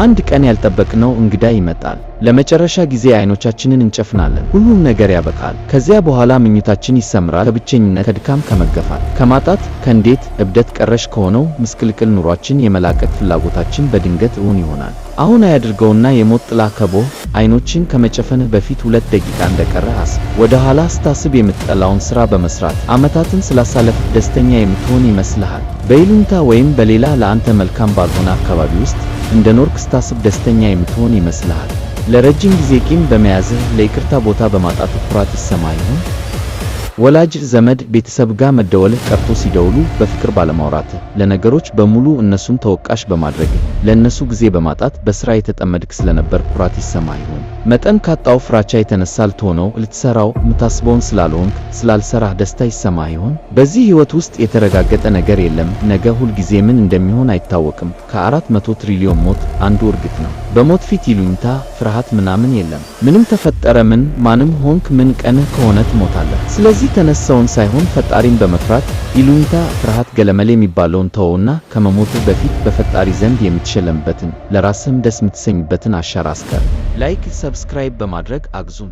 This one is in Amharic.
አንድ ቀን ያልጠበቅነው እንግዳ ይመጣል። ለመጨረሻ ጊዜ አይኖቻችንን እንጨፍናለን። ሁሉም ነገር ያበቃል። ከዚያ በኋላ ምኞታችን ይሰምራል። ከብቸኝነት፣ ከድካም፣ ከመገፋት፣ ከማጣት፣ ከእንዴት እብደት ቀረሽ ከሆነው ምስቅልቅል ኑሯችን የመላቀቅ ፍላጎታችን በድንገት እውን ይሆናል። አሁን አያድርገውና የሞት ጥላ ከቦ አይኖችን ከመጨፈን በፊት ሁለት ደቂቃ እንደቀረ አስብ። ወደ ኋላ ስታስብ የምትጠላውን ስራ በመስራት አመታትን ስላሳለፍ ደስተኛ የምትሆን ይመስልሃል። በይሉኝታ ወይም በሌላ ለአንተ መልካም ባልሆነ አካባቢ ውስጥ እንደኖርክ ስታስብ ደስተኛ የምትሆን ይመስልሃል? ለረጅም ጊዜ ቂም በመያዝህ ለይቅርታ ቦታ በማጣት ኩራት ይሰማህ ይሆን? ወላጅ ዘመድ፣ ቤተሰብ ጋር መደወልህ ቀርቶ ሲደውሉ በፍቅር ባለማውራትህ፣ ለነገሮች በሙሉ እነሱን ተወቃሽ በማድረግህ፣ ለእነሱ ጊዜ በማጣት በሥራ የተጠመድክ ስለነበር ኩራት ይሰማ። ይሆን? መጠን ካጣው ፍራቻ የተነሳ ልትሆነው ልትሰራው የምታስበውን ስላልሆንክ ስላልሰራህ ደስታ ይሰማህ ይሆን? በዚህ ህይወት ውስጥ የተረጋገጠ ነገር የለም። ነገ ሁልጊዜ ምን እንደሚሆን አይታወቅም። ከአራት መቶ ትሪሊዮን ሞት አንዱ እርግጥ ነው። በሞት ፊት ይሉኝታ፣ ፍርሃት ምናምን የለም። ምንም ተፈጠረ ምን ማንም ሆንክ ምን ቀንህ ከሆነ ትሞታለህ። ስለዚህ ተነሳውን ሳይሆን ፈጣሪን በመፍራት ይሉኝታ፣ ፍርሃት፣ ገለመል የሚባለውን ተወውና ከመሞትህ በፊት በፈጣሪ ዘንድ የምትሸለምበትን ለራስህም ደስ የምትሰኝበትን አሻራ አስከር ላይክ ሰብስክራይብ በማድረግ አግዙን።